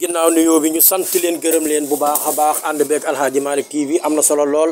ginnaaw nuyoo bi ñu sant leen gërëm leen bu baax a baax ànd beeg Aladji Malick TV am na solo lool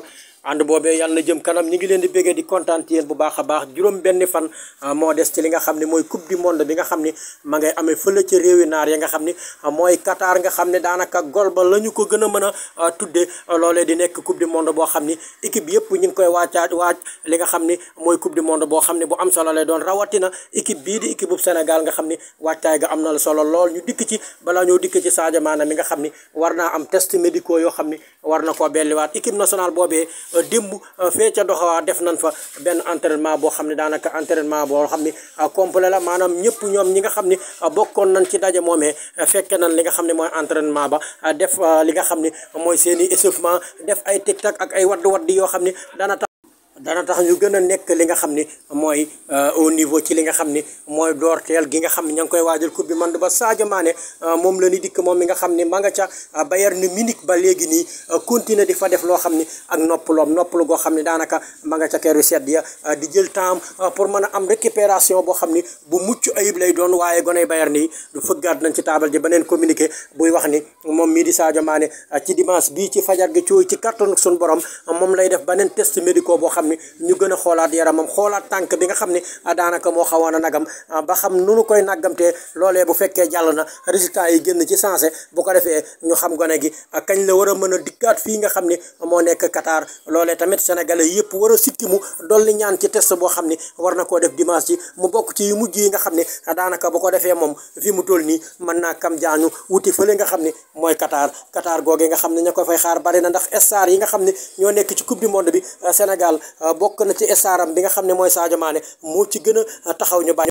ànd boobee yàlla na jëm kanam ñi ngi leen di béggee di kontaan ci yéen bu baax a baax juróom benn fan ah, moo des ci li nga xam ne mooy coupe du monde bi nga xam ne ma ngay amee fële ca réewi nga xam ne ah, mooy Qatar nga xam ne daanaka gol ba la ñu ko gën a mën a ah, tudde loolee di nekk coupe du boo xam ni équipe yëpp ñu ngi koy waacaat waaj li nga xam ni mooy coupe du monde boo xam ne bu am solo lay doon rawatina équipe bii di équipe bu Sénégal nga xam ni waajtaay ga am na solo lool ñu dikk ci balaa ñoo dikk ci Sadio Mané mi nga xam ni war naa am test médicaux yoo xam ni war na koo belliwaat équipe national boobee démb euh, fee ca doxa def nañ fa benn entraînement boo xam ne daanaka entraînement boo xam ne euh, complet la maanaam ñëpp ñoom ñi nga xam ne euh, bokkoon nañ ci daje moomee fekke nan li nga xam ne mooy entraînement ba def li nga xam ne mooy seen i def ay tic tac ak ay wadd wadd yoo xam ne dana dana tax ñu gën a nekk li nga xam ni mooy euh, au niveau ci li nga xam ni mooy doorteel gi nga xam ni ña ngi koy waajal coupe bi man ba saajo Mané euh, moom la ni dikk moom mi nga xam ni ma nga ca euh, Bayern Munich ba léegi nii continuer di fa def loo xam ni ak noppaloom noppalu goo xam ni daanaka ma nga ca keru sedd ya di jël temps pour mën a am récupération boo xam ni bu mucc ayib lay doon waaye goney Bayern yi du fëggaat nañ ci taabal ji beneen communiqué buy wax ni moom mii di Sadio maane ci dimanche bii ci fajar gi ci ci kattanu suñu borom moom lay def beneen test médical boo xam xam ne ñu gën a xoolaat yaramam xoolaat tànk bi nga xam ne ah, daanaka moo xawoon a nagam ah, ba xam nu nu koy naggamtee loolee bu fekkee jàll na résultat yi génn ci sensé bu ko defee ñu xam gone gi ah, kañ la war a mën a dikkaat fii nga xam ne moo nekk Qatar loolee tamit sénégalais yëpp war a sikkimu dolli ñaan ci test boo xam ne war na koo def dimanche ci mu bokk ci yu yi nga xam ne daanaka bu ko defee moom fi mu toll nii mën naa kam jaañu wuti fële nga xam ne mooy Qatar Qatar googe nga xam ne ña ko fay xaar bari na ndax star yi nga xam ne ñoo nekk ci coupe du monde bi Sénégal bokk na ci staaram bi nga xam ne mooy Sadio maane moo ci gën a taxaw ñu bàyyi